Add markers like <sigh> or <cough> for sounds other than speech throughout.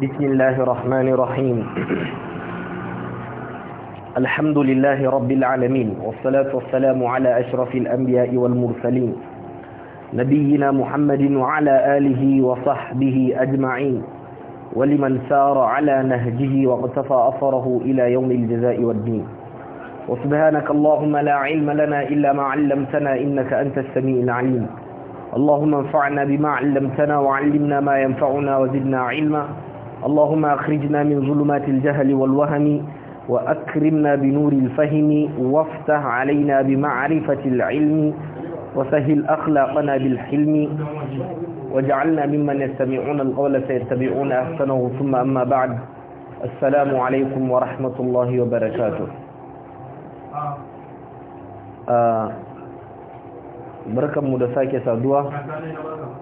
بسم الله الرحمن الرحيم الحمد لله رب العالمين والصلاة والسلام على أشرف الأنبياء والمرسلين نبينا محمد وعلى آله وصحبه أجمعين ولمن سار على نهجه واقتفى أثره إلى يوم الجزاء والدين وسبحانك اللهم لا علم لنا إلا ما علمتنا إنك أنت السميع العليم اللهم انفعنا بما علمتنا وعلمنا ما ينفعنا وزدنا علما اللهم أخرجنا من ظلمات الجهل والوهم وأكرمنا بنور الفهم وافتح علينا بمعرفة العلم وسهل أخلاقنا بالحلم وجعلنا ممن يستمعون القول فيتبعون أحسنه ثم أما بعد السلام عليكم ورحمة الله وبركاته آه barkanmu da sake saduwa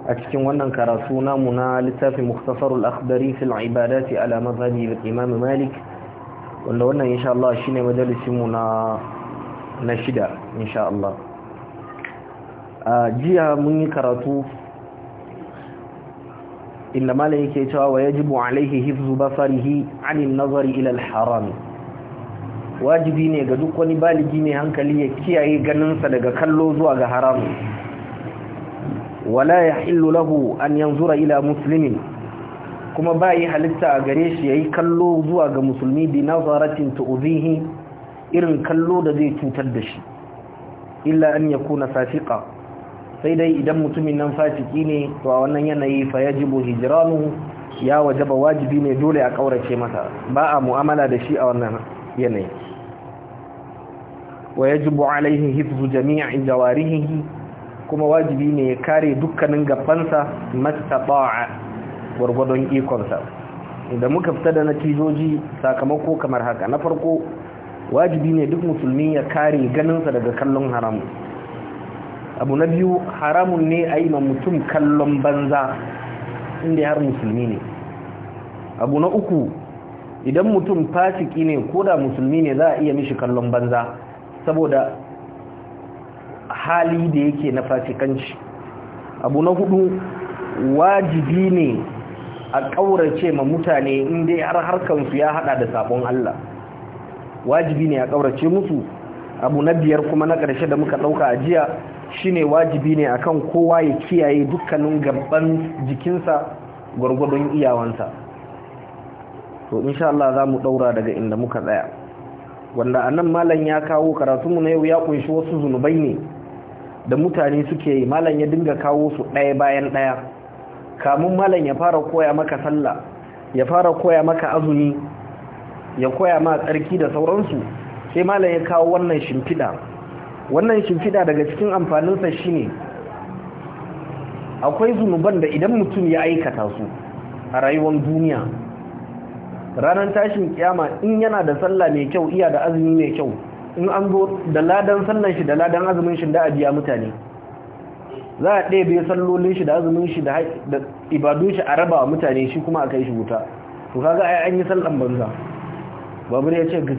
a cikin wannan karatu namu na littafin muktasarul akhbari fil ibadati ala mazhabi da imam malik wanda wannan insha Allah shine majalisin mu na na shida insha Allah a jiya mun yi karatu inda malai yake cewa wa yajibu alaihi hifzu basarihi anin nazari ila al-haram wajibi ne ga duk wani baligi mai hankali ya kiyaye ganinsa daga kallo zuwa ga haramu wala yahillu lahu an yanzura ila muslimin kuma ba bai halitta a gare shi yayi kallo zuwa ga musulmi bi nazaratin tu'zihi irin kallo da zai cutar da shi illa an yakuna fasiqa sai dai idan mutumin nan fasiki ne to a wannan yanayi fa yajibu hijranu ya wajaba wajibi ne dole a kaurace masa ba a mu'amala da shi a wannan yanayi wa yajibu alaihi hifzu jami'i jawarihi kuma wajibi ne ya kare dukkanin gabansa mastata'a gwargwadon ikonsa idan muka fita da natijoji sakamako kamar haka na farko wajibi ne duk musulmi ya kare ganinsa daga kallon haramun abu na biyu haramun ne a yi ma mutum kallon banza inda har musulmi ne abu na uku idan mutum fasiki ne ko da musulmi ne za a iya mishi kallon banza saboda hali da yake na fasikanci abu na hudu wajibi ne a ƙaurace ma mutane inda har harkansu ya hada da sabon Allah wajibi ne a ƙaurace musu abu na biyar kuma na ƙarshe da muka ɗauka a jiya shine wajibi ne akan kowa ya kiyaye dukkanin gaban jikinsa gwargwadon iyawansa to insha Allah za mu ɗaura daga inda muka tsaya wanda anan malam ya kawo karatunmu na yau ya kunshi wasu zunubai ne da mutane suke yi malam ya dinga kawo su ɗaya bayan ɗaya kamun malam ya fara koya maka sallah ya fara koya maka azumi ya koya ma tsarki da sauransu sai malam ya kawo wannan shimfiɗa wannan shimfiɗa daga cikin amfaninsa ne. akwai zunuban da idan mutum ya aikata su a rayuwar duniya ranar tashin kiyama in yana da sallah mai kyau iya da azumi mai kyau in an zo da ladan sallan shi da ladan azumin shi da ajiya mutane za a ɗebe sallolin shi da azumin shi da ibadun shi a raba wa mutane shi kuma a kai shi wuta to kaga ai an yi sallan banza babur ya ce ga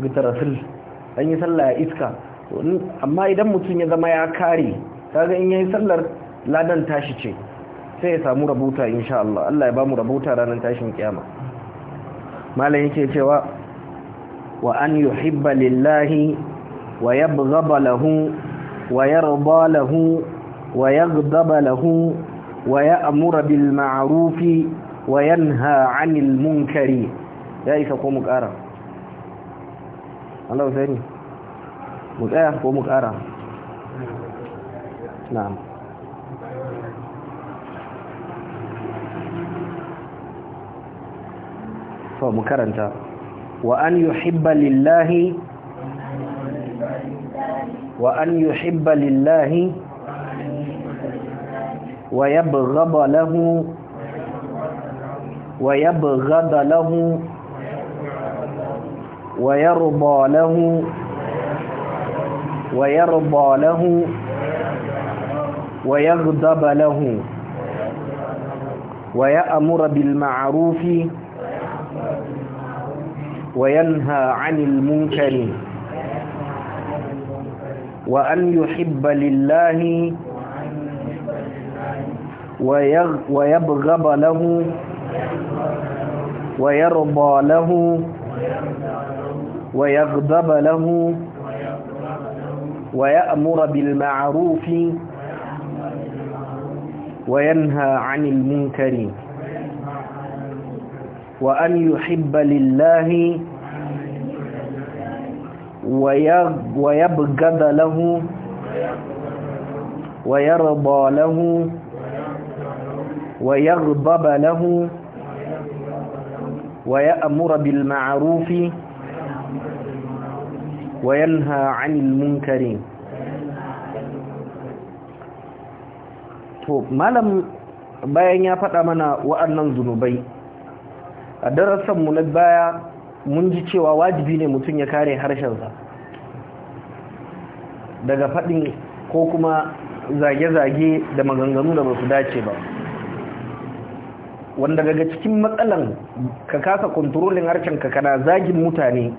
gitarasul an yi sallah ya iska amma idan mutum ya zama ya kare kaga in yayi sallar ladan tashi ce sai ya samu rabuta insha Allah Allah ya ba mu rabuta ranar tashin kiyama malam yake cewa wa an yuhibba lillahi wa yabghaba lahu wa yarda lahu wa yaghdaba lahu wa ya'muru bil ma'ruf wa yanha 'anil munkari ya isa ko mu ƙara Allah sai mu tsaya ko mu ƙara na'am so mu karanta wa an yuhibba lillahi wa an yuhibba lillahi wa yabghada lahu wa yabghada lahu wa yarda lahu wa yarda lahu wa yaghdaba lahu wa بالمعروف bil بالمعروف وينهى عن المنكر وأن يحب لله ويبغض له ويرضى له ويغضب له ويأمر بالمعروف وينهى عن المنكر وأن يحب لله ويبغض له ويرضى له ويغضب له ويأمر بالمعروف وينهى عن المنكر ما لم bayan ya faɗa mana wa'annan zunubai a darasan mu na baya mun ji cewa wajibi ne mutum ya kare harshensa daga faɗin ko kuma zage-zage da maganganu da ba dace ba wanda daga cikin matsalan ka kasa kontrolin harshenka kana zagin mutane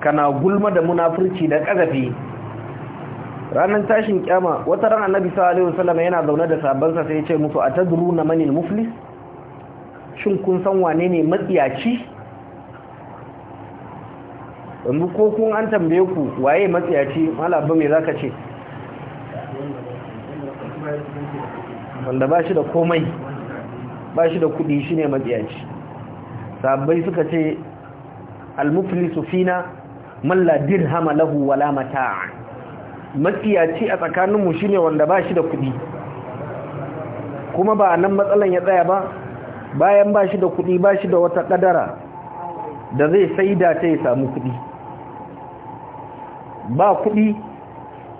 kana gulma da munafurci da ƙazafi ranar tashin kyama wata ran annabi sallallahu alaihi wasallam yana zaune da sabonsa sai ya ce musu a na manil muflis shin kun san wane ne matsiyaci wanda ko kun an tambaye ku waye matsiyaci malaba mai zaka ce wanda ba shi da komai ba shi da kudi shi ne matsiyaci sabbai suka ce almuflisu fina malla dirhama lahu wala mata'a matsiyaci a tsakaninmu shi ne wanda ba shi da kudi kuma ba nan matsalan ya tsaya ba bayan ba shi da kuɗi ba shi da wata ƙadara da zai saida ta ya samu kuɗi ba kuɗi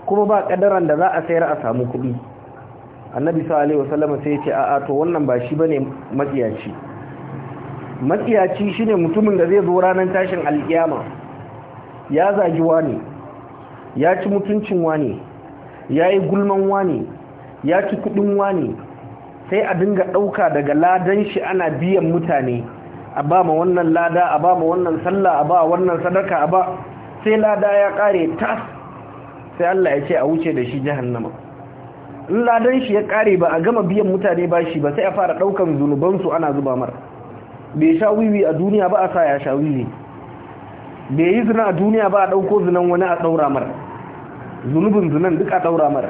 kuma ba ƙadaran da za a sayar a samu kuɗi annabi sallallahu alaihi sai ya ce a'a to wannan ba shi bane matsiyaci matsiyaci shine mutumin da zai zo ranar tashin alkiyama ya zagi wani ya ci mutuncin wani ya yi gulman wani ya ci kuɗin wani sai a dinga ɗauka daga ladan shi ana biyan mutane a ba ma wannan lada a ba ma wannan sallah a ba wannan sadaka a ba sai lada ya ƙare ta sai Allah ya ce a wuce da shi jahannama in ladan shi ya ƙare ba a gama biyan mutane ba shi ba sai a fara ɗaukan zunubansu ana zuba mara bai sha wiwi a duniya ba a sa ya sha wiwi bai yi zina a duniya ba a ɗauko zinan wani a ɗaura mara zunubin zinan duk a ɗaura mara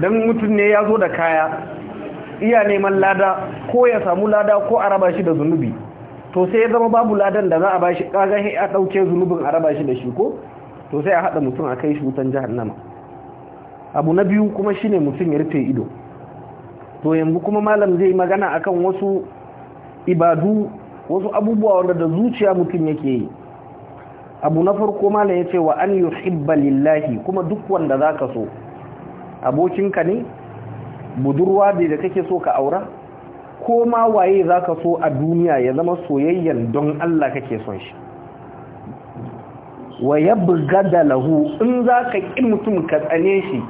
don mutum ne ya zo da kaya iya neman lada ko ya samu lada ko a raba shi da zunubi to sai ya zama babu ladan da za a bashi kaga sai a dauke zunubin a raba shi da shi ko to sai a hada mutum a kai shi wutan jahannama abu na biyu kuma shine mutum ya rufe ido to yanzu kuma malam zai magana akan wasu ibadu wasu abubuwa wanda da zuciya mutum yake yi abu na farko malam ya ce wa an yuhibba lillahi kuma duk wanda zaka so abokinka ne budurwa ne da kake so ka aura ko ma waye zaka so a duniya ya zama soyayyen don Allah kake son shi wa yabgada lahu in zaka ki mutum ka tsane shi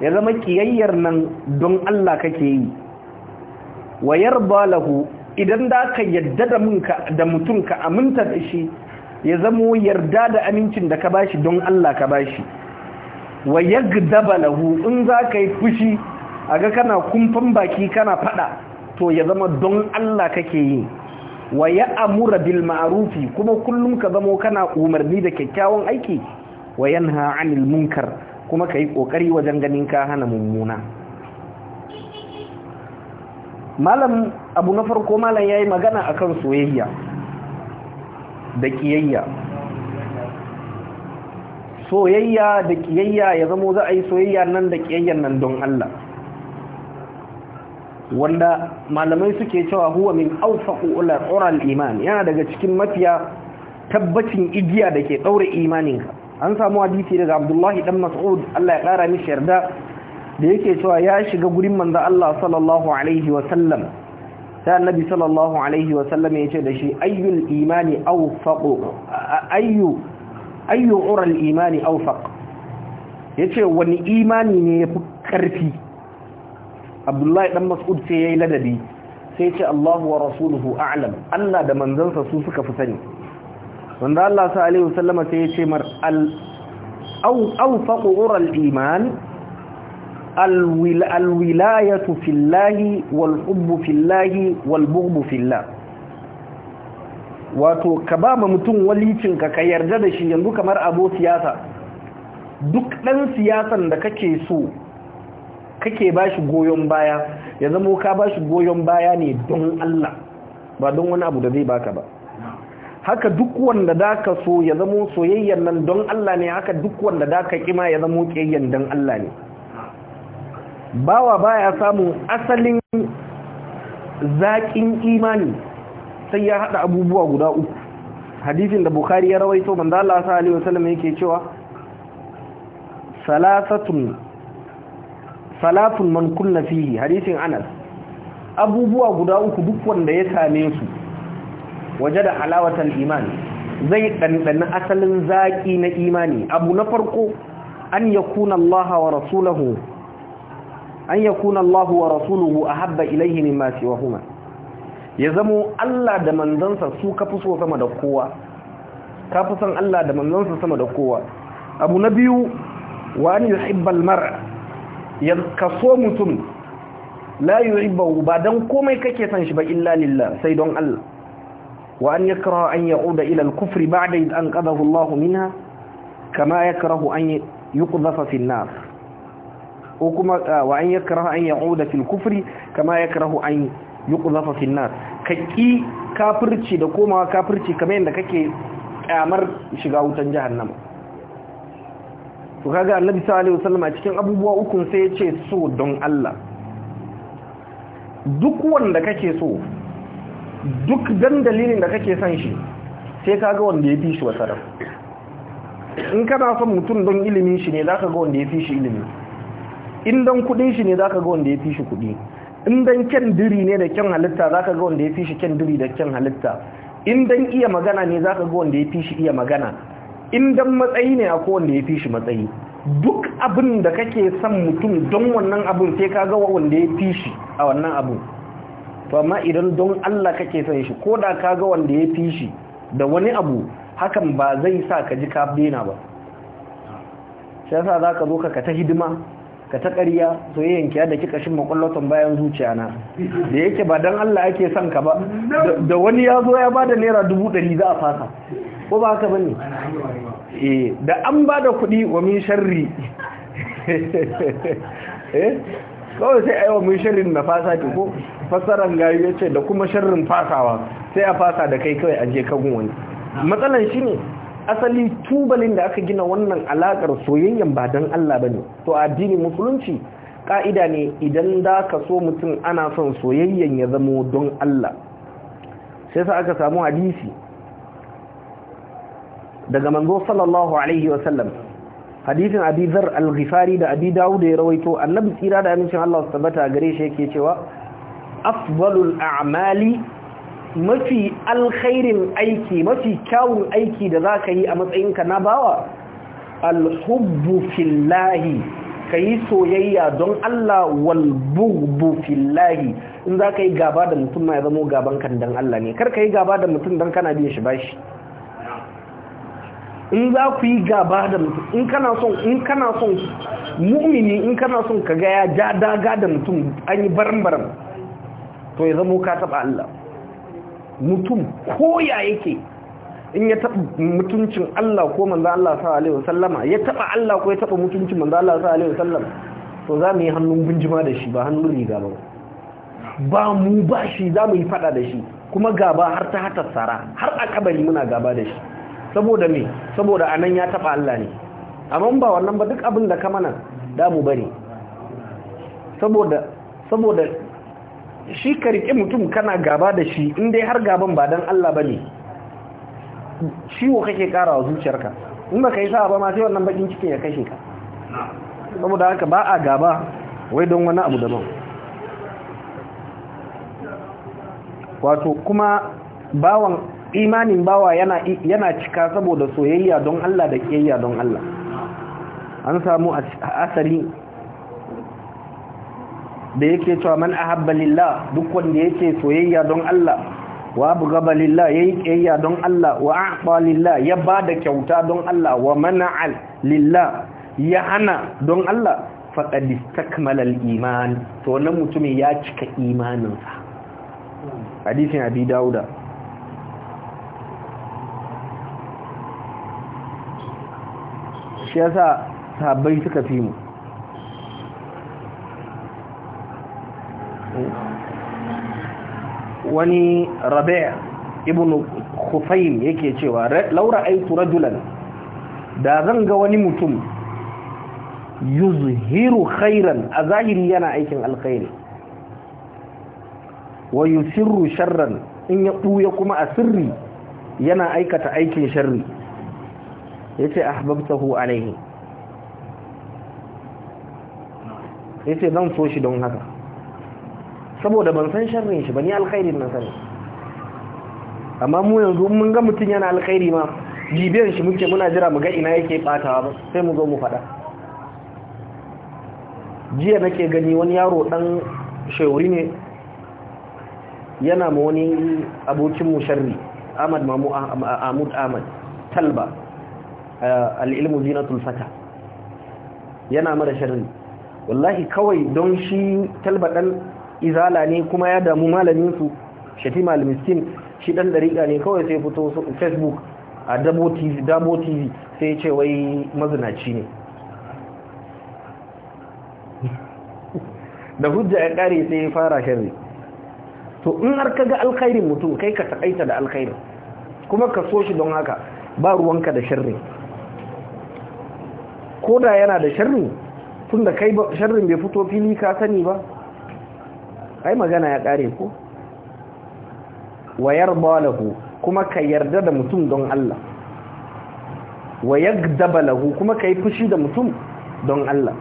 ya zama kiyayyar nan don Allah kake yi wa lahu idan zaka yadda da munka da mutum ka aminta da shi ya zama yarda da amincin da ka bashi don Allah ka bashi wa yagdaba lahu in zaka yi fushi a ga kana kumfan baki kana fada to ya zama don Allah kake yi wa ya amura bil ma'arufi kuma kullum ka zama kana umarni da kyakkyawan aiki wa yanha anil munkar kuma kai kokari wajen ganin ka hana mummuna malam abu na farko malam ya yi magana akan soyayya da kiyayya soyayya da kiyayya ya zama za a yi soyayya nan da kiyayyan nan don Allah wanda malamai suke cewa huwa min awsaqu ulal iman yana daga cikin mafiya tabbacin igiya da ke daure imaninka an samu hadisi daga Abdullahi dan Mas'ud Allah ya kara mishi yarda da yake cewa ya shiga gurin manzo Allah sallallahu alaihi wa sallam sai annabi sallallahu alaihi wa sallam ya ce da shi ayyul imani awsaqu ayyu ayyu ural imani awfaq yace wani imani ne yafi karfi abdullahi dan mas'ud sai yayi ladabi sai ce Allahu wa rasuluhu a'lam Allah da manzansa su suka fi sani wanda Allah sa alaihi wasallama sai ya ce mar al aw awfaqu ural iman al wilayatu fillahi wal hubbu fillahi wal bughdu fillah wato ka ba ma mutum walicin ka ka yarda da shi yanzu kamar abo siyasa duk dan siyasan da kake so kake ba shi goyon baya ya zama ka ba shi goyon baya ne don Allah ba don wani abu da zai baka ba haka duk wanda da ka so ya zama soyayyan nan don Allah ne haka duk wanda da ka kima ya zama kiyayyan don Allah ne bawa baya samun asalin zaƙin imani sai ya haɗa abubuwa guda uku hadisin da bukari ya rawaito manzo Allah sallallahu alaihi wasallam yake cewa salasatun salatun man kunna fihi hadisin anas abubuwa guda uku duk wanda ya same su waje da halawatal iman zai dandana asalin zaki na imani abu na farko an yakuna Allah wa rasuluhu an yakuna Allah wa rasuluhu ahabba ilayhi mimma siwahuma ya zamo Allah da manzansa su kafi so sama da kowa kafi san Allah da manzansa sama da kowa abu na biyu wa an yuhibbal mar'a ya kaso mutum la yu'ibbu ba don komai kake san shi ba illa lillah sai don Allah wa an yakraha an ya'uda ila al-kufri ba'da an anqadahu Allah minha kama yakrahu an yuqdhafa fi an-nar ko kuma ah, wa an yakraha an ya'uda fi kufri kama yakrahu an yuqdhafa fi an ka ƙi kafirci da komawa kafirci kamar yadda kake ƙyamar shiga wutan jahannama to kaga annabi sallallahu alaihi wasallam a cikin abubuwa uku sai ya ce so don Allah duk wanda kake so duk dan dalilin da kake son shi sai kaga wanda ya fi shi wasara in kana son mutum don ilimin shi ne zaka ga wanda ya fi shi ilimi in dan kudin shi ne zaka ga wanda ya fi shi kudi in dan kyan diri ne da kyan halitta zaka ga wanda ya fi shi kyan diri da kyan halitta in dan iya magana ne zaka ga wanda ya fi shi iya magana in dan matsayi ne akwai wanda ya fi shi matsayi duk abin da kake son mutum don wannan abin sai ka ga wanda ya fi shi a wannan abin to amma idan don Allah kake son shi ko da ka ga wanda ya fi shi da wani abu hakan ba zai sa ka ji ka daina ba shi yasa zaka zo ka ka ta hidima ka ta ƙarya soyayyen ki da kika shi makwallatan bayan zuciya na da yake ba don Allah ake son ka ba da wani ya zo ya ba da naira dubu ɗari za a fasa ko ba haka bane eh da an ba da kuɗi wa min sharri <laughs> eh, kawai sai a yi wa mun sharrin na fasa ke ko fassaran gari ce da kuma sharrin fasawa sai a fasa da kai kawai a je kagun wani matsalan shi ne. asali tubalin da aka gina wannan alaƙar soyayyan ba don Allah ba ne to addini musulunci ƙa'ida ne idan da ka so mutum ana son soyayyan ya zamo don Allah sai sa aka samu hadisi daga manzo sallallahu alaihi wasallam hadisin abi zar al-ghifari da abi dawud ya rawaito annabi tsira da amincin Allah tabbata gare shi yake cewa afdalul a'mali mafi alkhairin aiki mafi kyawun aiki da za ka yi a matsayinka na bawa alhubbu fillahi ka yi soyayya don Allah walbubu fillahi in za ka yi gaba da mutum ma ya zamo gaban kan don Allah ne kar ka yi gaba da mutum don kana biya shi bashi in za ku yi gaba da mutum in kana son in kana son mu'mini in kana son ka ga ya ja daga da mutum an yi baran to ya zamo ka taɓa Allah mutum koya yake in ya taɓa mutuncin Allah ko manzo Allah sallallahu alaihi wasallama ya taɓa Allah ko ya taɓa mutuncin manzo Allah sallallahu alaihi wasallama to za mu yi hannun bunjima da shi ba hannun riga ba ba mu ba shi za mu yi fada da shi kuma gaba har ta hatar sara har a kabari muna gaba da shi saboda me saboda anan ya taɓa Allah ne amma ba wannan ba duk abin da ka mana da mu bari saboda saboda shi ka riƙe mutum kana gaba da shi in dai har gaban ba don Allah ba ne ciwo kake ƙara wa zuciyarka in ba ka yi sa ba ma sai wannan bakin cikin ya kashe ka saboda haka ba a gaba wai don wani abu daban wato kuma bawan imanin bawa yana cika saboda soyayya don Allah da kiyayya don Allah an samu asali. da yake cewa man ahabba lillah duk wanda yake soyayya don Allah wa abghaba lillah yayi kiyayya don Allah wa a'ta lillah ya bada kyauta don Allah wa mana'a lillah ya hana don Allah faqad istakmala al-iman to wannan mutumin ya cika imaninsa hadisin abi dauda shi yasa sahabbai suka fi mu wani rabe' ibn khufaym yake cewa laura aitu rajulan da zan ga wani mutum yuzhiru khairan a zahiri yana aikin alkhairi wa yusirru sharran in ya ɓuya kuma a sirri yana aikata aikin sharri yace ahbabtahu alaihi yace zan so shi don haka saboda ban san sharrin shi ba ni alkhairin na sani amma mu yanzu mun ga mutum yana alkhairi ma jibiyar shi muke muna jira mu ga ina yake batawa ba sai mu zo mu faɗa jiya nake gani wani yaro dan shauri ne yana ma wani abokin mu sharri Ahmad Mamu Ahmad Ahmad Talba eh, al-ilmu zinatul fata yana mara sharri wallahi kawai don shi Talba dan izala ne kuma ya damu malamin su al-miskin shi dan dariƙa ne kawai sai fito facebook a dabo tv sai ce wai mazinaci ne da hujja ya kare sai ya fara sharri to in har kaga alkhairin mutum kai ka taƙaita da alkhairin kuma ka so shi don haka ba ruwanka da sharri ko da yana da sharri tun da kai sharrin bai fito fili ka sani ba ai magana ya kare ko wa yarda lahu kuma ka yarda da mutum don Allah wa yagdaba kuma ka yi fushi da mutum don Allah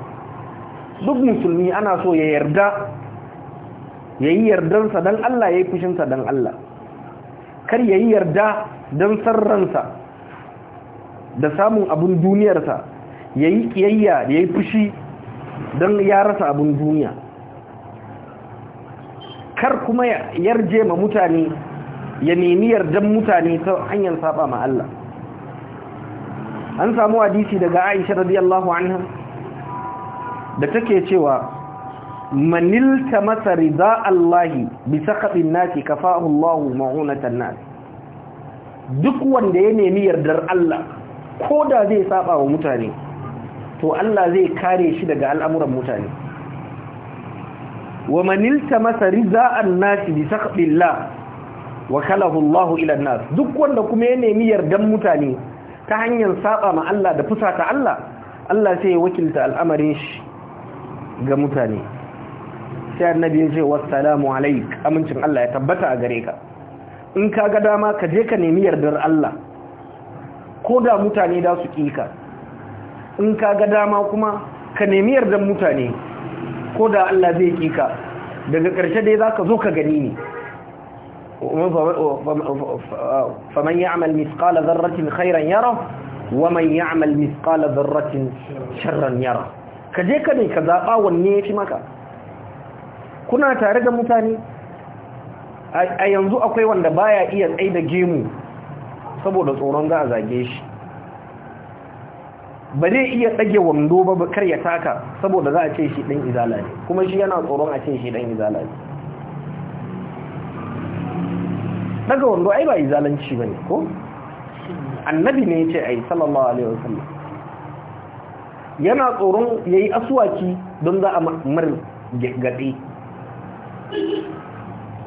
duk musulmi ana so ya yarda ya yi yardansa don Allah ya yi fushinsa don Allah kar ya yi yarda don sarransa da samun abin duniyarsa ya yi ƙiyayya ya yi fushi don ya rasa abin duniya kar kuma yarje ma mutane ya nemi yardan mutane ta hanyar saba ma Allah an samu hadisi daga Aisha radiyallahu anha da take cewa manilta masa rida Allahi bi sakatin nasi kafahu Allahu ma'unatan nas duk wanda ya nemi yardar Allah ko da zai saba wa mutane to Allah zai kare shi daga al'amuran mutane wa manilta masa riza'an nasi bi saqbillah wa kalahu Allah ila nas duk wanda kuma ya nemi yardan mutane ta hanyar saba ma Allah da fusata Allah Allah sai ya wakilta al'amarin shi ga mutane sai annabi ya ce wassalamu alaik amincin Allah ya tabbata a gare ka in ka ga dama ka je ka nemi yardar Allah ko da mutane da su kika in ka ga dama kuma ka nemi yardan mutane ko da Allah zai ƙi ka daga ƙarshe dai za ka zo ka gani ne faman ya'mal mithqala dharratin khairan yara wa man ya'mal mithqala dharratin sharran yara ka je ka ne ka zaɓa wanne ya fi maka kuna tare da mutane a yanzu akwai wanda baya iya tsaye da gemu saboda tsoron za a zage shi ba zai iya tsage wando ba kar ya taka saboda za a ce shi ɗan izala ne kuma shi yana tsoron a ce shi ɗan izala ne daga wando ai ba izalanci ba ne ko annabi ne ya ce ai sallallahu alaihi wasallam yana tsoron ya yi asuwaki don za a mar gaɗe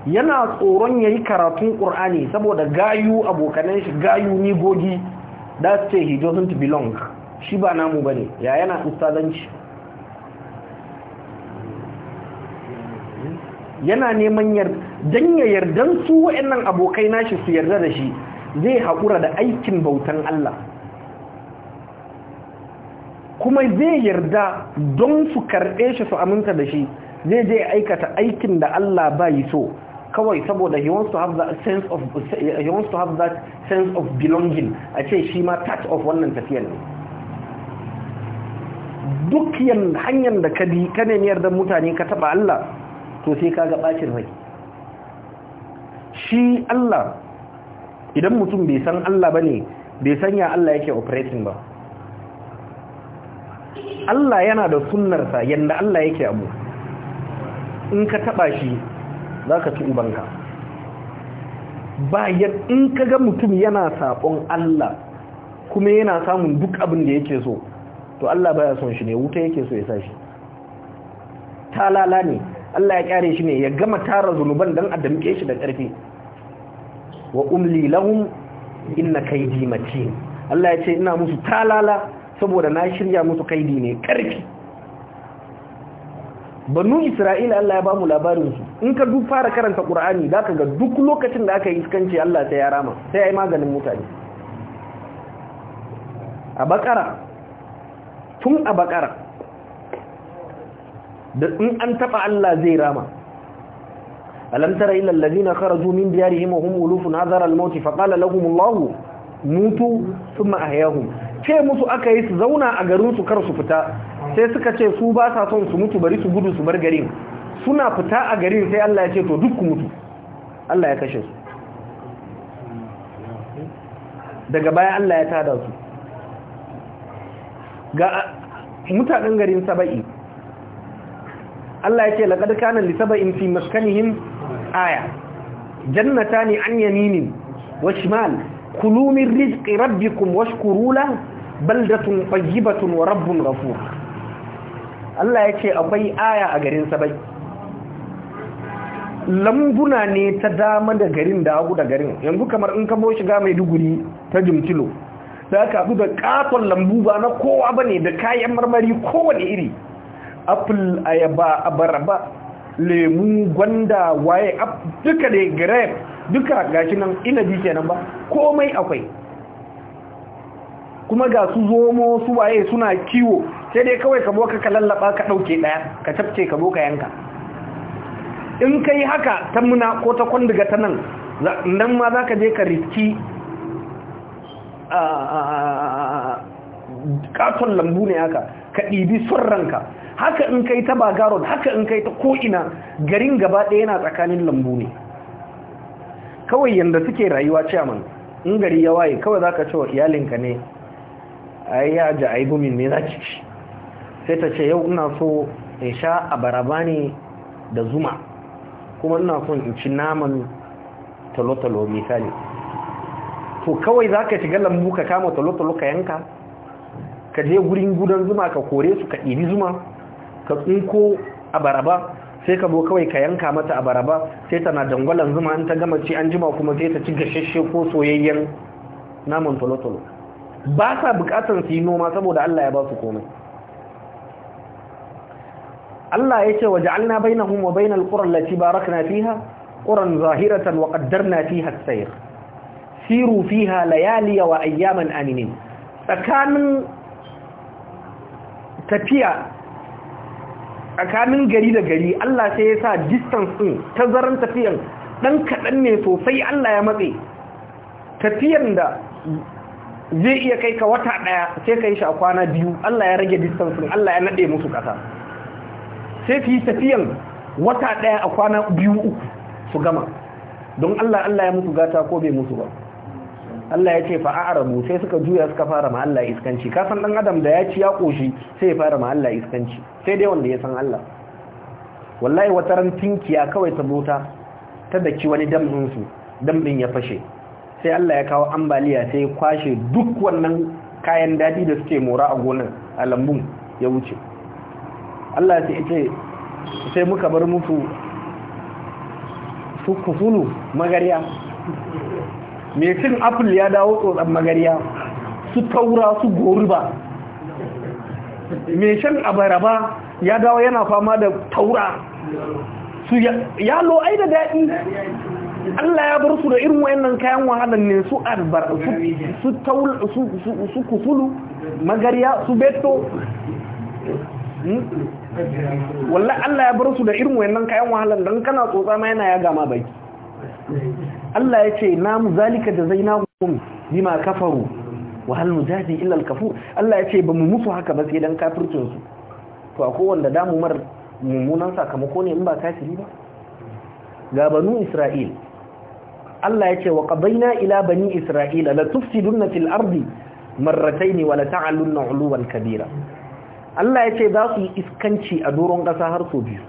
yana tsoron ya yi karatun ƙur'ani saboda gayu abokanan shi gayu gogi that's say he doesn't belong shi ba namu ba ne ya yana ustazanci yana neman don ya yardan su wayannan abokai nashi su yarda da shi zai haƙura da aikin bautan Allah kuma zai yarda don su karɓe shi su aminta da shi zai je aikata aikin da Allah ba yi so kawai saboda he wants to have that sense of he wants to have that sense of belonging a ce shi ma touch of wannan tafiyar ne duk hanyar da ka bi ka mutane ka taba Allah to sai kaga bacin rai shi Allah idan mutum bai san Allah bane bai san ya Allah yake operating ba Allah yana da sunnarsa yadda Allah yake abu in ka taba shi za ka ci ubanka bayan in kaga mutum yana sabon Allah kuma yana samun duk abin da yake so to Allah baya son shi ne wuta yake so ya sa shi talala ne Allah ya kyare shi ne ya gama tara zunuban dan addamke shi da ƙarfi wa umli lahum inna kaydi matin Allah ya ce ina musu talala saboda na shirya musu kaidi ne ƙarfi banu isra'ila Allah ya ba mu labarin su in ka duk fara karanta qur'ani zaka ga duk lokacin da aka yi iskanci Allah sai ya rama sai ya yi maganin mutane a bakara tun a bakara da in an taba Allah zai rama alam tara ila allazina kharaju min diyarihim wa hum ulufun hadara al fa qala lahum Allah mutu thumma ahyahum ce musu aka yi su zauna a garin su kar su fita sai suka ce su ba sa son su mutu bari su gudu su bar garin suna fita a garin sai Allah ya ce to duk ku mutu Allah ya kashe su daga baya Allah ya tada su ga mutanen garin saba'i Allah ya ce laƙar kanan lisaba'in fi maskanihin aya jannata ne an yaminin wa shimal kulumin rizki rabbi rabbikum wasu kurula baldatun fagibatun wa rabbin rafu Allah ya ce akwai aya a garin saba'i lambuna ne ta dama da garin da hagu da garin yanzu kamar in kamo shiga mai duguri ta jimtilo za ka haɗu da ƙaton lambu ba na kowa ba ne da kayan marmari kowane iri apple ayaba abaraba lemu gwanda waye duka da grape duka gashi nan inabi kenan ba komai akwai kuma ga su zomo su waye suna kiwo sai dai kawai ka boka ka lallaba ka ɗauke ɗaya, ka tafce ka ka yanka in ka yi haka ta muna ko ta kwandiga ta nan nan ma za ka je ka riski katon lambu ne haka ka ɗibi son ranka haka in kai ta bagaron haka in kai ta ko'ina garin gaba ɗaya yana tsakanin lambu ne kawai yadda suke rayuwa ciyaman in gari ya waye kawai za ka ce wa iyalinka ne a yi yaji a yi gumin ne za ki ci sai ta ce yau ina so in sha a baraba ne da zuma kuma ina son in ci naman talotalo misali to kawai za ka shiga lambu ka kama tolo talo ka yanka ka je gurin gudan zuma ka kore su ka ɗiri zuma ka tsinko a baraba sai ka zo kawai ka yanka mata a baraba sai tana dangwalan zuma an ta gama ci an jima kuma sai ta ci gashashe ko soyayyen naman tolo talo ba sa bukatar su yi noma saboda Allah ya ba su komai Allah ya ce waje alna bainahum wa bainal qura allati barakna fiha quran zahiratan wa qaddarna fiha as-sayr siru fiha layaliya wa ayyaman aminin tsakanin tafiya tsakanin gari da gari Allah sai ya sa distance din tazaran tafiyan dan kadan ne sosai Allah ya matse tafiyan da zai iya kai ka wata daya sai kai shi a kwana biyu Allah ya rage distance din Allah ya nade musu kasa sai fi tafiyan wata daya a kwana biyu uku su gama don Allah Allah ya musu gata ko bai musu ba Allah ya ce fa a'rabu sai suka juya suka fara ma Allah iskanci ka san dan adam da ya ci ya koshi sai ya fara ma Allah iskanci sai dai wanda ya san Allah wallahi wata ran tinkiya kawai ta bota ta daki wani dambin su dambin ya fashe sai Allah ya kawo ambaliya sai ya kwashe duk wannan kayan dadi da suke mora a gonar a lambun ya wuce Allah sai ya ce sai muka bar musu su kusulu magariya mai cin apple ya dawo tsotsan magariya su taura su goruba mai shan abaraba ya dawo yana fama da taura su yalo ai da daɗi Allah ya bar su da irin wayannan kayan wahalar ne su albar su taul su su kusulu magariya su beto hmm? wallahi Allah ya bar su da irin wayannan kayan wahalar dan kana tsotsa ma yana ya gama baki Allah ya ce namu zalika da zainahum bima kafaru wa hal mujahidin illa al kafur Allah ya ce ba mu mutu haka ba sai dan kafircin su to akwai wanda damu mar mummunan sakamako ne in ba kafiri ba ga banu Isra'il Allah ya ce wa qadaina ila bani Isra'ila la tufsiduna fil ardi marratayn wa la ta'alunna 'uluwan kabira Allah ya ce za su yi iskanci a doron ƙasa har so biyu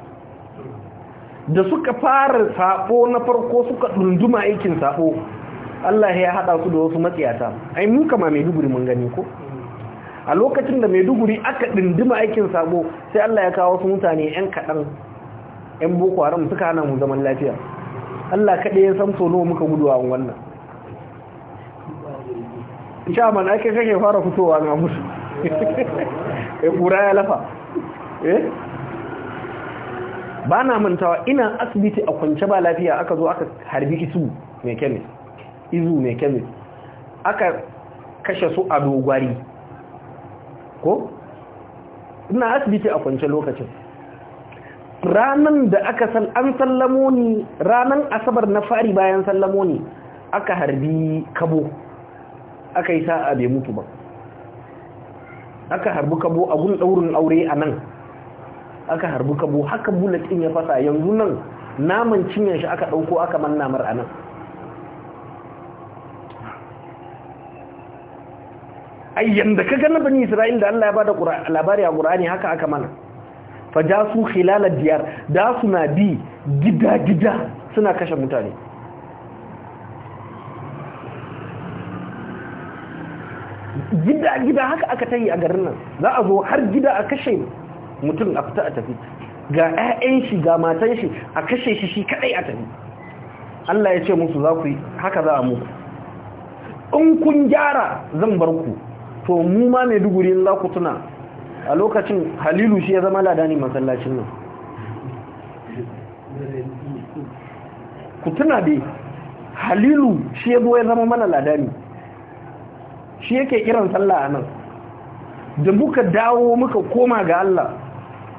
da suka fara sabo na farko suka dunduma aikin sabo Allah ya haɗa su da wasu matsiyata ai mu kama duguri mun gani ko a lokacin da mai Maiduguri aka dunduma aikin sabo sai Allah ya kawo wasu mutane yan kaɗan yan boko haram suka hana mu zaman lafiya Allah kaɗai ya san so nawa muka gudu a wannan sha man ake kake fara fitowa na musu eh <laughs> kura ya lafa eh ba na mantawa ina asibiti a kwance ba lafiya aka zo aka harbi isu mai kemis izu mai kemis aka kashe su a dogwari ko ina asibiti a kwance lokacin ranan da aka san an sallamoni ranan asabar na fari bayan sallamoni aka harbi kabo aka yi sa'a bai mutu ba aka harbi kabo a gun daurin aure a nan aka harbu kabo haka bullet din ya fasa yanzu nan naman cinye shi aka dauko aka manna mar anan ai yanda kaga na bani Isra'il da Allah ya bada labari a Qur'ani haka aka mana fajasu khilal diyar da suna bi gida gida suna kashe mutane gida-gida haka aka tayi a garin nan za a zo har gida a kashe mutum a fita a tafi ga 'ya'yan shi ga matan shi a kashe shi shi kadai a tafi Allah ya ce musu za ku yi haka za a muku in kun gyara zan bar ku to mu ma mai duguri za ku tuna a lokacin halilu shi ya zama ladani masallacin nan ku tuna dai halilu shi ya zo ya zama mana ladani shi yake kiran sallah a nan da muka dawo muka koma ga Allah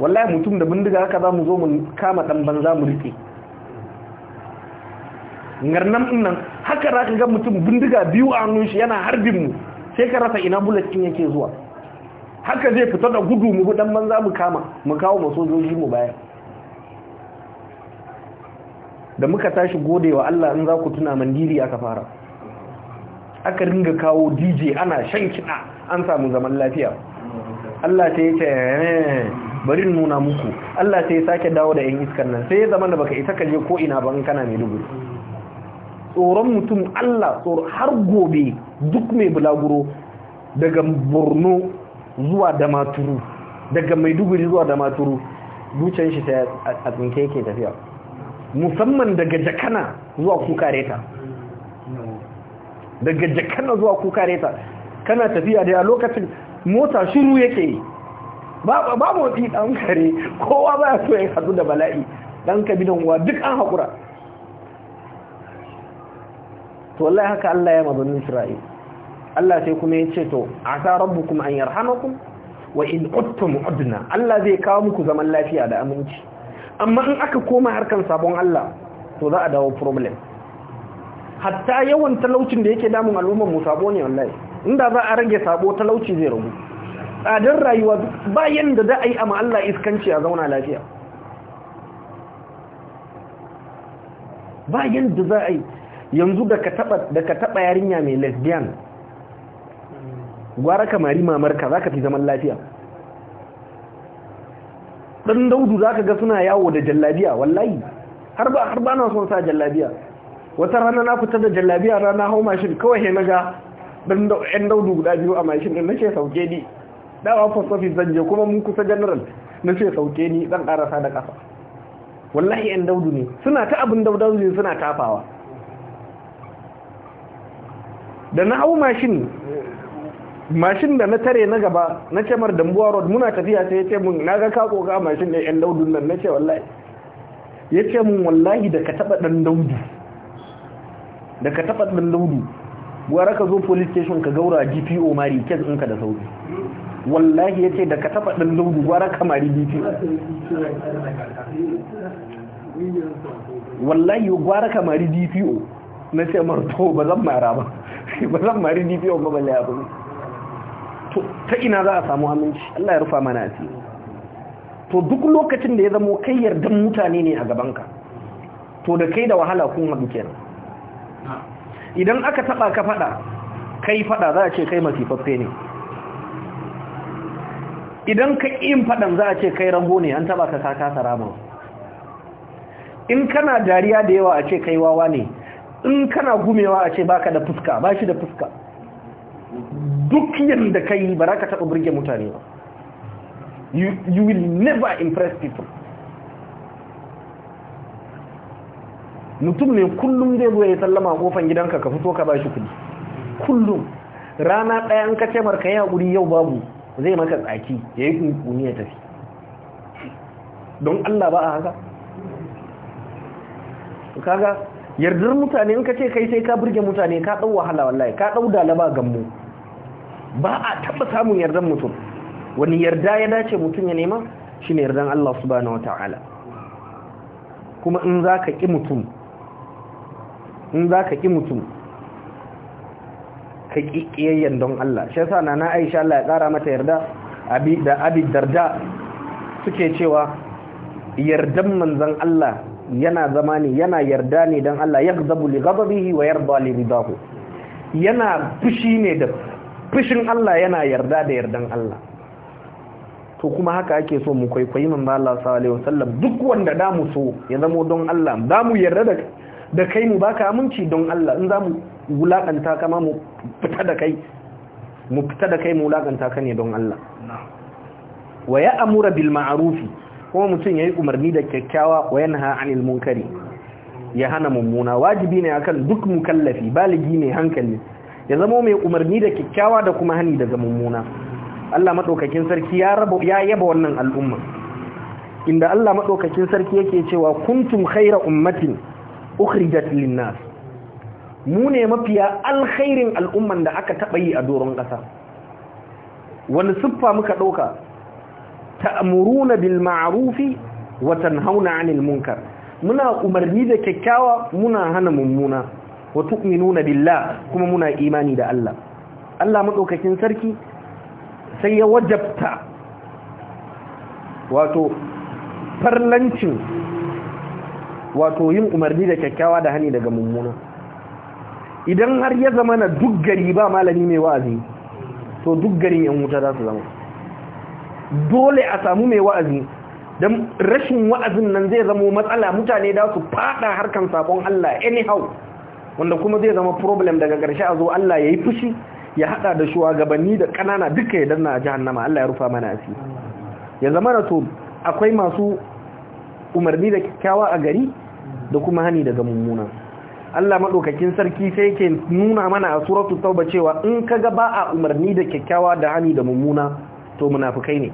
wallahi mutum da bindiga haka za mu zo mu kama dan banza mu rike ngarnan nan haka za ka ga mutum bindiga biyu a hannun shi yana harbin mu sai ka rasa ina bulletin yake zuwa haka zai fita da gudu mu dan banza mu kama mu kawo mu sojoji mu baya da muka tashi godewa Allah in za ku tuna mandiri aka fara aka ringa kawo DJ ana shan kiɗa an samu zaman lafiya Allah ta yi ta bari nuna muku Allah sai sake dawo da yan iskan nan sai ya zama da baka ita ka je ko ina ba in kana mai dubu tsoron mutum Allah har gobe duk mai bulaguro daga Borno zuwa maturu daga mai dubu zuwa maturu dukkan shi ta a tsinke yake tafiya musamman daga Jakana zuwa Kukareta daga Jakana zuwa Kukareta kana tafiya da a lokacin mota shiru yake mu wani ɗan kare kowa ba ya so ya hadu da bala'i ɗan kabinan wa duk an haƙura to wallahi haka Allah ya mabanin Isra'il Allah sai kuma ya ce to asa rabbukum an yarhamakum wa in uttum udna Allah zai kawo muku zaman lafiya da aminci amma in aka koma harkan sabon Allah to za a dawo problem hatta yawan talaucin da yake damun al'ummar mu sabo ne wallahi inda za a rage sabo talauci zai ragu tsadar rayuwa bayan da za a yi a ma'alla iskanci a zauna lafiya bayan da za a yi yanzu da ka taɓa yarinya mai lesbian gwara kamari mamarka za ka fi zaman lafiya ɗan daudu za ka ga suna yawo da jallabiya wallahi har ba na son sa jallabiya wata rana na fita da jallabiya rana hau mashin kawai ya na ga ɗan daudu guda biyu a mashin da nake sauke ni dawa post office zan je kuma mun kusa general na ce sauke ni zan karasa da kafa wallahi an daudu ne suna ta abin daudu ne suna tafawa da na hau mashin mashin da na tare na gaba na cemar dambuwa road muna tafiya sai ya ce mun na ga ka ga mashin da yan daudun nan na ce wallahi ya ce mun wallahi da ka taba dan daudu da ka taba dan daudu gwara ka zo police station ka gaura GPO mari kes ɗinka da sauki. wallahi ya ce da ka taɓa ɗan lungu gwara kamari bifi wallahi gwara kamari dpo na ce marto ba zan mara ba <laughs> ba zan mari dpo ba balle abu to ta ina za a samu aminci Allah ya rufa mana asiri to duk lokacin da ya zama kai yardan mutane ne a gabanka to da kai da wahala kun haɗu kenan idan aka taɓa ka faɗa kai faɗa za a ce kai masifaffe ne idan ka yin faɗan za a ce kai rambo ne an taba ka kasa rama in kana dariya da yawa a ce kai wawa ne in kana gumewa a ce baka da fuska ba shi da fuska duk yadda ka yi ba za ka taɓa burge mutane ba you will never impress people mutum ne kullum zai zo ya sallama a kofan gidanka ka fito ka ba shi kudi kullum rana ɗaya an ka ce marka yau babu zai maka tsaki ya yi kunkuni ya tafi don Allah ba a haka kaga yardar mutane in ka ce kai sai ka burge mutane ka ɗau wahala wallahi ka ɗau dalaba gammu ba a taɓa samun yardar mutum wani yarda ya dace mutum ya nema shi ne yardan Allah subhanahu wataala kuma in ka ki mutum in zaka ki mutum ka kikiyayyen don Allah shi yasa nana Aisha Allah ya ƙara mata yarda abi da abi darda suke cewa yardan manzon Allah yana zama ne yana yarda ne don Allah yaghdabu li ghadabihi wa yarda li ridahu yana fushi ne da fushin Allah yana yarda da yardan Allah to kuma haka ake so mu kwaikwayi manzo Allah sallallahu alaihi duk wanda da mu so ya zamo don Allah da mu yarda da kai mu baka aminci don Allah in za mu. Wulaƙanta kama mu fita da kai mu fita da kai mu wulaƙanta ka ne don Allah wa ya amura bil ma'arufi kuma mutum ya yi umarni da kyakkyawa wa yanha anil munkari ya hana mummuna wajibi ne akan duk mukallafi baligi ne hankali ya zama mai umarni da kyakkyawa da kuma hani daga mummuna Allah maɗaukakin sarki ya ya yaba wannan al'umma inda Allah maɗaukakin sarki yake cewa kuntum khayra ummatin ukhrijat lin-nas mu ne mafiya alkhairin al'umman da aka taɓa yi a doron ƙasa wani siffa muka ɗauka ta'amuruna bil ma'arufi wa tanhauna 'anil munkar muna umarni da kyakkyawa muna hana mummuna wa tu'minuna billah kuma muna imani da Allah Allah madaukakin sarki sai ya wajabta wato farlancin wato yin umarni da kyakkyawa da hani daga mummuna idan har ya zama na duk gari ba malami mai wa'azi to duk garin yan wuta za su zama dole a samu mai wa'azi don rashin wa'azin nan zai zama matsala mutane da su fada harkan sabon Allah anyhow wanda kuma zai zama problem daga ƙarshe a zo Allah ya yi fushi ya haɗa da shugabanni da ƙanana duka ya danna a nama Allah ya rufa mana asiri ya zama na to akwai masu umarni da kyakkyawa a gari da kuma hani daga mummuna Allah madaukakin sarki sai yake nuna mana a suratul tauba cewa in kaga ba a umarni da kyakkyawa da hani da mummuna to munafikai ne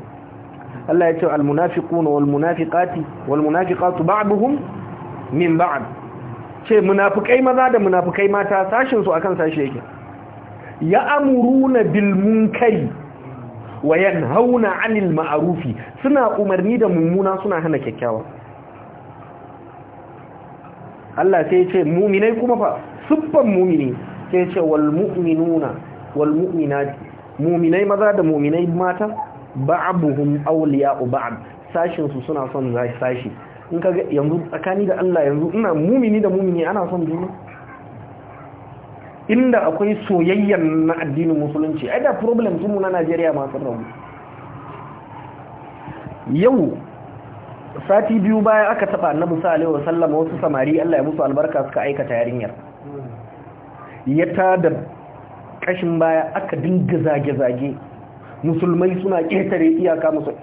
Allah ya ce al munafiquna wal munafiqati wal munafiqatu ba'duhum min ba'd ce munafikai maza da munafikai mata sashin su akan sashi yake Ya ya'muruna bil munkari wa yanhauna 'anil ma'rufi suna umarni da mummuna suna hana kyakkyawa Allah sai ya ce mu'minai kuma fa siffan mu'mini sai ya ce wal mu'minuna wal mu'minati mu'minai maza da mu'minai mata ba'abuhum awliya'u ba'd sashin su suna son sashi in kaga yanzu tsakani da Allah yanzu ina mu'mini da mu'mini ana son juna inda akwai soyayyar na addinin musulunci ai da problem mu na Najeriya ma sun rabu yau sati biyu bayan aka taba annabi sallallahu wa sallama wasu samari Allah ya musu albarka suka aikata yarinyar ya ta da kashin baya aka dinga zage-zage musulmai suna ƙetare iyaka musu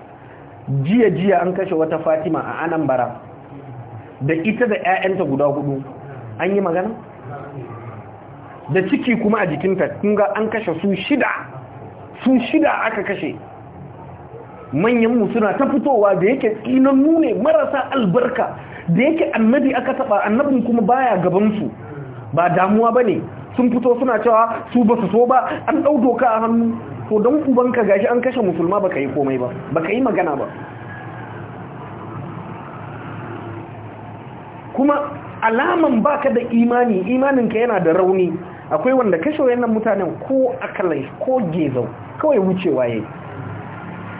jiya-jiya an kashe wata fatima a anambara da ita da 'ya'yanta guda hudu an yi magana da ciki kuma a jikinta kunga an kashe su shida su shida aka kashe manyan mu suna ta fitowa da yake tsinannu ne marasa albarka da yake annabi aka taba annabin kuma baya gabansu ba damuwa bane sun fito suna cewa su ba su so ba an dau doka a hannu to dan ubanka gashi an kashe musulma baka yi komai ba baka yi magana ba kuma alaman baka da imani imaninka yana da rauni akwai wanda kashe wayannan mutanen ko akalai ko gezau kawai wucewa yai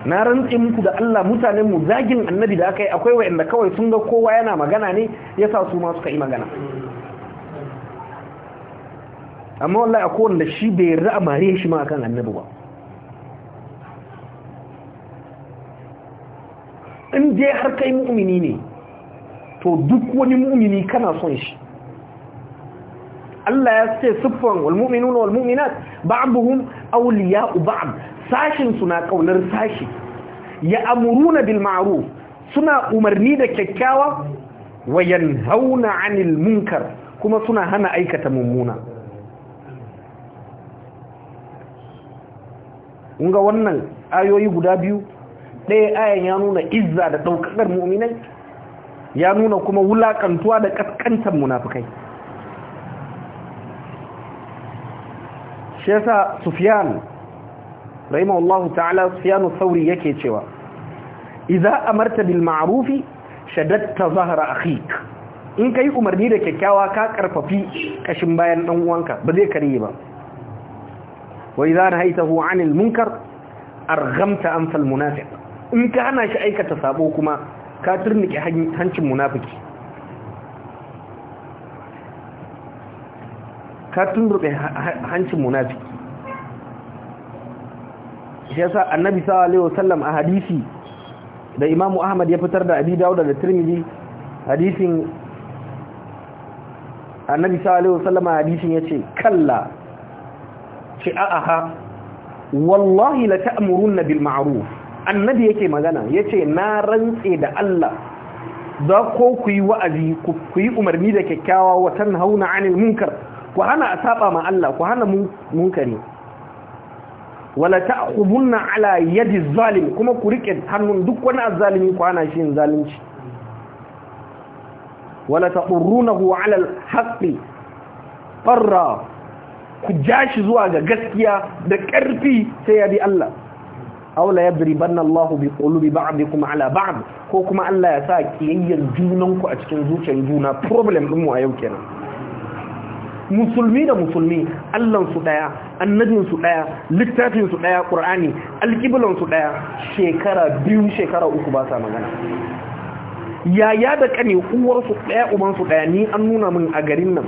na rantse muku da Allah mutanen mu zagin annabi da aka yi akwai wa'anda kawai sun ga kowa yana magana ne yasa su ma suka yi magana amma wallahi akwai wanda shi bai yarda a mare shi ma akan annabi ba in dai har kai mu'mini ne to duk wani mu'mini kana son shi Allah ya ce siffan walmu'minun walmu'minat ba'dhum awliya'u ba'd sashin na kaunar sashi ya amuruna bil ma'ruf suna umarni da kyakkyawa wayan hauna 'anil munkar kuma suna hana aikata mummuna unga wannan ayoyi guda biyu ɗaya ayan ya nuna izza da ɗaukakar mu'minai ya nuna kuma wulaƙantuwa da ƙasƙantar munafukai shi yasa sufyan rahimahullahu ta'ala siyanu sauri yake cewa idza amarta bil ma'rufi shadatta zahra akhik in kai umarni da kyakkyawa ka karfafi kashin bayan dan uwanka ba zai kare ba wa idza nahaytahu 'anil munkar arghamta amsal munafiq in ka hana shi aikata sabo kuma ka turnike hancin munafiki ka turnike hancin munafiki shi yasa annabi sallallahu alaihi wasallam a hadisi da Imam Ahmad ya fitar da Abi Dawud da Tirmidhi hadisin annabi sallallahu alaihi wasallam a hadisin yace kalla ki aha wallahi la ta'muruna bil ma'ruf annabi yake magana yace na rantse da Allah za ko ku yi wa'azi ku yi umarni da kyakkyawa watan hauna anil munkar ku hana asaba ma Allah ku hana munkari wala ta'khudunna ala yadi zalim kuma ku rike hannun duk wani azzalimi ku ana shi zalunci wala taqurunahu ala alhaqi farra ku jashi zuwa ga gaskiya da karfi sai ya bi Allah aw la yadribanna Allah bi qulubi ba'dikum ala ba'd ko kuma Allah ya sa kiyayyen junanku a cikin zuciyar juna problem din mu a yau kenan musulmi da musulmi allansu ɗaya annabinsu ɗaya littafinsu ɗaya ƙur'ani alƙiblansu ɗaya shekara biyu shekara uku ba sa magana yaya da ƙane uwarsu ɗaya ubansu ɗaya ni an nuna min a garin nan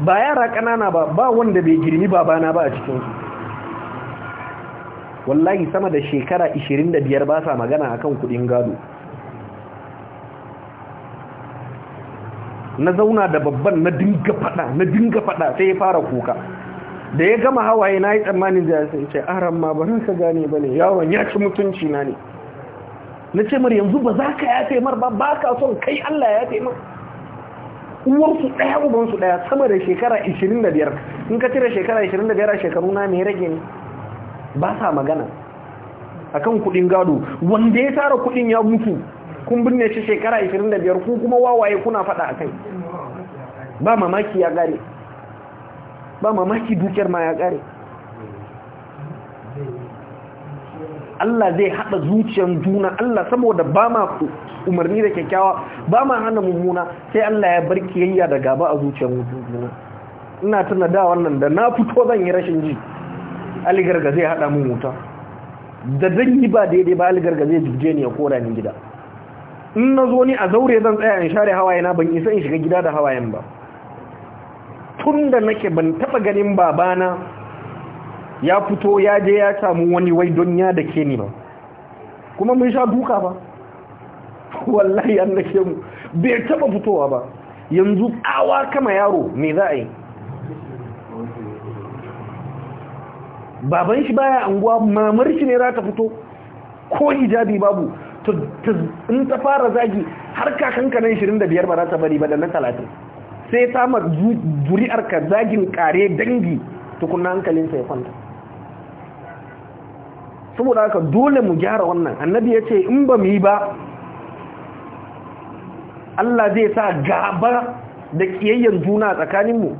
ba yara ƙanana ba ba wanda bai girmi babana ba a cikinsu wallahi sama da shekara 25 ba sa magana akan kuɗin gado na zauna da babban na dinga fada na dinga fada sai ya fara kuka da ya gama hawaye na yi tsammanin da ya sai ce aran ah, ma ba ka gane ba ne yawon ya ci mutunci na ne na ce mar yanzu ba za ka ya taimar ba ba ka son kai allah ya taimar uwarsu ɗaya ubansu ɗaya sama da shekara 25 in ka cire shekara 25 a shekaru na mai rage ne ba sa magana akan kuɗin gado wanda ya tara kuɗin ya mutu kun binne shi shekara 25 ku kuma wawaye kuna fada akai ba mamaki ya gare ba mamaki dukiyar ma ya gare Allah zai hada zuciyar juna Allah saboda ba ma umarni da kyakkyawa ba ma hana mummuna sai Allah ya bar kiyayya da gaba a zuciyar juna ina tuna da wannan da na fito zan yi rashin ji aligarga zai hada mun wuta da zan yi ba daidai ba aligarga zai jibje ni ya kora ni gida in na zo ni a zaure zan tsaya in share hawaye ban isa in shiga gida da hawayen ba tun da nake ban taba ganin babana ya fito ya je ya samu wani wai don ya da ke ni ba kuma mun sha duka ba <laughs> wallahi an da ke mu bai taba fitowa ba yanzu awa kama yaro me za a yi baban shi baya anguwa mamar shi ne za ta fito ko hijabi babu in ta fara zagi har kakanka nan 25 ba za ta bari ba da na 30 sai ta ma ka zagin kare dangi tukunan hankalinsa ya kwanta saboda haka dole mu gyara wannan annabi ya ce in ba mu yi ba Allah zai sa gaba da kiyayyar juna tsakaninmu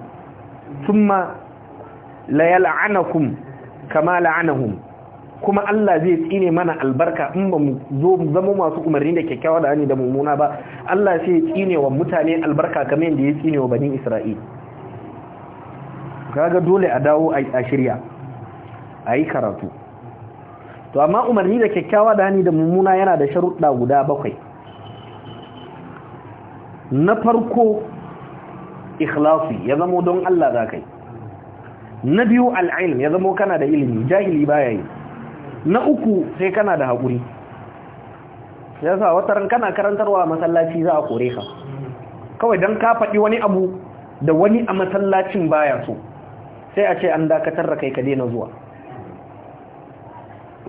sun ma la kum kama la'anahum kuma Allah zai tsine mana albarka in ba mu zo mu zama masu umarni da kyakkyawa da hani da mummuna ba Allah sai ya tsine wa mutane albarka kamar yadda ya tsine wa bani Isra'il kaga dole a dawo a shirya a yi karatu to amma umarni da kyakkyawa da hani da mummuna yana da sharuɗa guda bakwai na farko ikhlasi ya zamo don Allah za na biyu al'ilm ya zamo kana da ilimi jahili baya yi na uku sai kana da haƙuri wata ran kana karantarwa a masallaci za a kore ka kawai don ka faɗi wani abu da wani a masallacin baya so sai a ce an dakatar da kai ka daina zuwa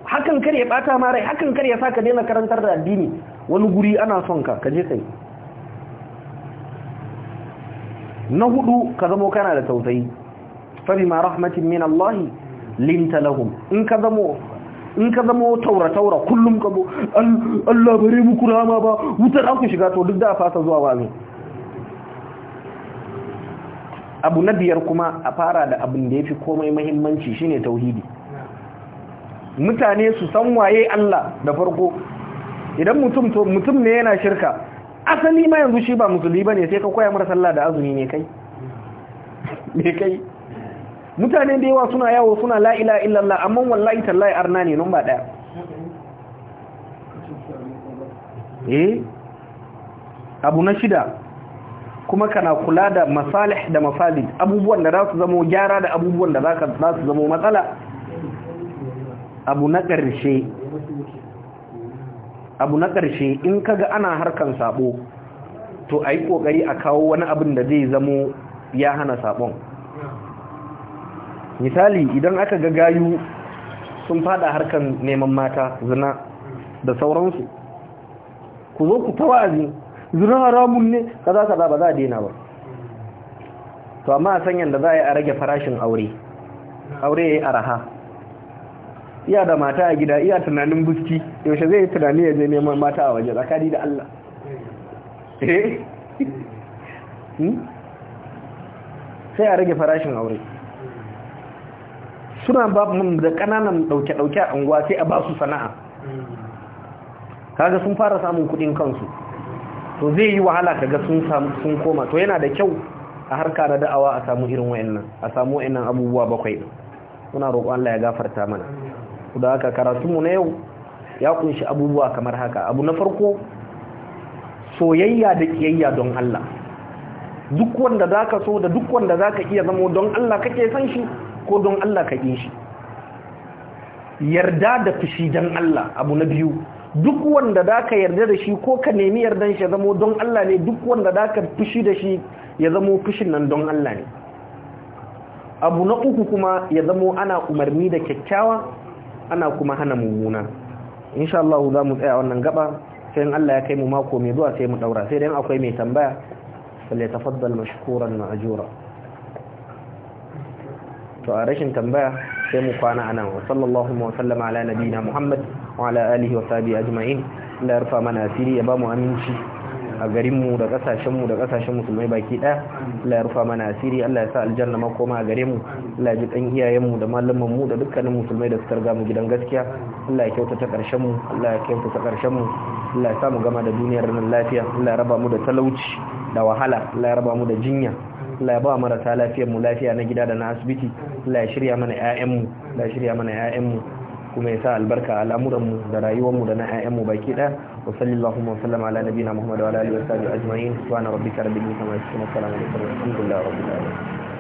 hakan kar ya ɓata ma rai hakan kar ya sa ka daina karantar da addini wani guri ana son ka ka je kai na hudu ka zamo kana da tausayi fa bima rahmatin min Allah linta lahum in ka zamo in ka zama taura-taura kullum ka bo Allah bare muku rama ba wutar an ku shiga to duk da a fasa zuwa wani abu na biyar kuma a fara da abin da ya fi komai mahimmanci shine tauhidi mutane su san waye Allah da farko idan mutum to mutum ne yana shirka asali ma yanzu shi ba musulmi bane sai ka koya mara sallah da azumi ne <laughs> me kai mutane da yawa suna yawo suna la'ila illallah amma wallahi tallahi arna ne ba ɗaya. eh abu na shida kuma kana kula da masalih da mafalid abubuwan da za su zamo gyara da abubuwan da za su zamo matsala abu na ƙarshe abu na ƙarshe in kaga ana harkan sabo to a yi ƙoƙari a kawo wani abin da zai zamo ya hana sabon misali idan aka ga gayu sun fada harkan neman mata zina da sauransu ku zo ku tawazi zina haramun ne kaza kaza ba za a daina ba to amma a sanyan da za a yi a rage farashin aure aure ya yi araha iya da mata a gida iya tunanin buski yaushe zai yi tunani ya je neman mata a waje tsakani da Allah eh? hmm? sai a rage farashin aure suna ba da ƙananan ɗauke-ɗauke a unguwa sai a ba su sana'a kaga sun fara samun kuɗin kansu to zai yi wahala kaga sun sun koma to yana da kyau a harka na da'awa a samu irin wayannan a samu wayannan abubuwa bakwai din muna roƙon Allah ya gafarta mana da haka mu na yau ya kunshi abubuwa kamar haka abu na farko soyayya da kiyayya don Allah duk wanda zaka so da duk wanda zaka iya zama don Allah kake san shi ko don Allah ka ƙin shi yarda da fushi don Allah abu na biyu duk wanda zaka ka yarda da shi ko ka nemi yardan shi ya zamo don Allah ne duk wanda za ka fushi da shi ya zamo fushin nan don Allah ne abu na uku kuma ya zamo ana umarni da kyakkyawa ana kuma hana mummuna insha Allah za mu tsaya wannan gaba sai Allah ya kai mu mako mai zuwa sai mu daura sai dai akwai mai tambaya falle tafaddal mashkuran ma'jura to a rashin tambaya sai mu kwana anan wa sallallahu wa sallama ala nabiyina muhammad wa ala alihi wa sahbihi ajma'in Allah ya rufa mana asiri ya bamu aminci a garinmu da kasashenmu da kasashen musulmai baki ɗaya Allah ya rufa mana asiri Allah ya sa aljanna makoma a gare mu Allah ya ji kan iyayenmu da malaman mu da dukkanin musulmai da suka riga mu gidan gaskiya Allah ya kyautata karshen mu Allah ya kyautata karshen mu Allah ya samu gama da duniyar nan lafiya Allah ya raba mu da talauci da wahala Allah ya raba mu da jinya Allah ya ba marasa lafiyar mu lafiya na gida da na asibiti Allah ya shirya mana ƴaƴan mu Allah shirya mana ƴaƴan mu kuma ya sa albarka a al'amuran mu da rayuwar mu da na ƴaƴan mu baki da wa sallallahu wa sallama ala nabiyina Muhammad wa ala alihi wa sahbihi ajma'in subhana rabbika rabbil izzati amma yasifun wa salamun alaikum wa rahmatullahi wa barakatuh